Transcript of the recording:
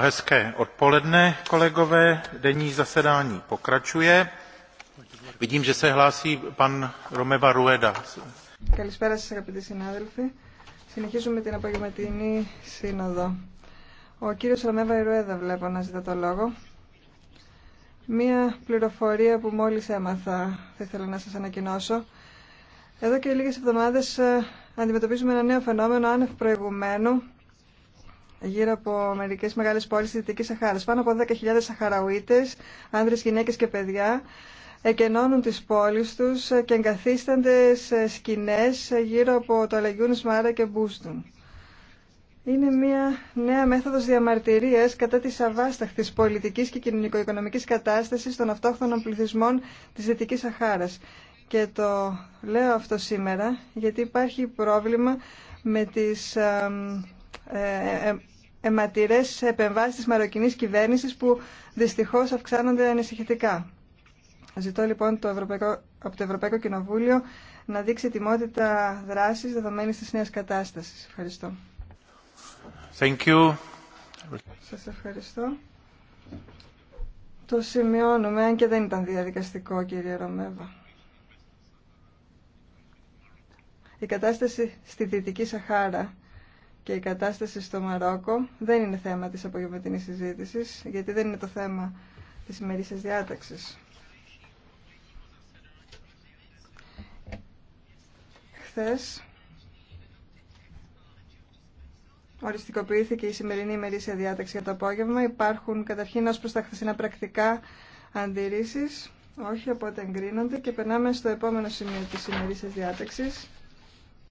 Hezké odpoledne, kolegové. Denní zasedání pokračuje. Vidím, že se hlásí pan Romeva Rueda. Καλησπέρα σας αγαπητοί συνάδελφοι. Συνεχίζουμε την απογευματινή σύνοδο. Ο κύριος Ρωμέβα Ρουέδα βλέπω να ζητά το λόγο. Μία πληροφορία που μόλις έμαθα θα ήθελα να σας ανακοινώσω. Εδώ και λίγες εβδομάδες ε, αντιμετωπίζουμε ένα νέο φαινόμενο άνευ προηγουμένου γύρω από μερικές μεγάλες πόλεις της Δυτικής Σαχάρας. Πάνω από 10.000 Σαχαραουίτες, άνδρες, γυναίκες και παιδιά, εκενώνουν τις πόλεις τους ε, και εγκαθίστανται σε σκηνές ε, γύρω από το Αλεγιούν Σμάρα και Μπούστον. Είναι μια νέα μέθοδος διαμαρτυρίας κατά της αβάσταχτης πολιτικής και κοινωνικο-οικονομικής κατάστασης των αυτόχθονων πληθυσμών της Δυτικής Σαχάρας και το λέω αυτό σήμερα γιατί υπάρχει πρόβλημα με τις ε, ε, αιματηρές επεμβάσεις της μαροκινής κυβέρνησης που δυστυχώς αυξάνονται ανησυχητικά. Ζητώ λοιπόν το Ευρωπαϊκό, από το Ευρωπαϊκό Κοινοβούλιο να δείξει τιμότητα δράσης δεδομένης της νέας κατάστασης. Ευχαριστώ. Thank you. Σας ευχαριστώ. Το σημειώνουμε, αν και δεν ήταν διαδικαστικό, κύριε Ρωμέβα. Η κατάσταση στη Δυτική Σαχάρα και η κατάσταση στο Μαρόκο δεν είναι θέμα της απογευματινής συζήτησης, γιατί δεν είναι το θέμα της ημερήσιας διάταξης. Χθες οριστικοποιήθηκε η σημερινή ημερήσια διάταξη για το απόγευμα. Υπάρχουν καταρχήν ως προς τα χθεσινά πρακτικά αντιρρήσεις. Όχι, οπότε εγκρίνονται και περνάμε στο επόμενο σημείο της ημερήσιας διάταξης.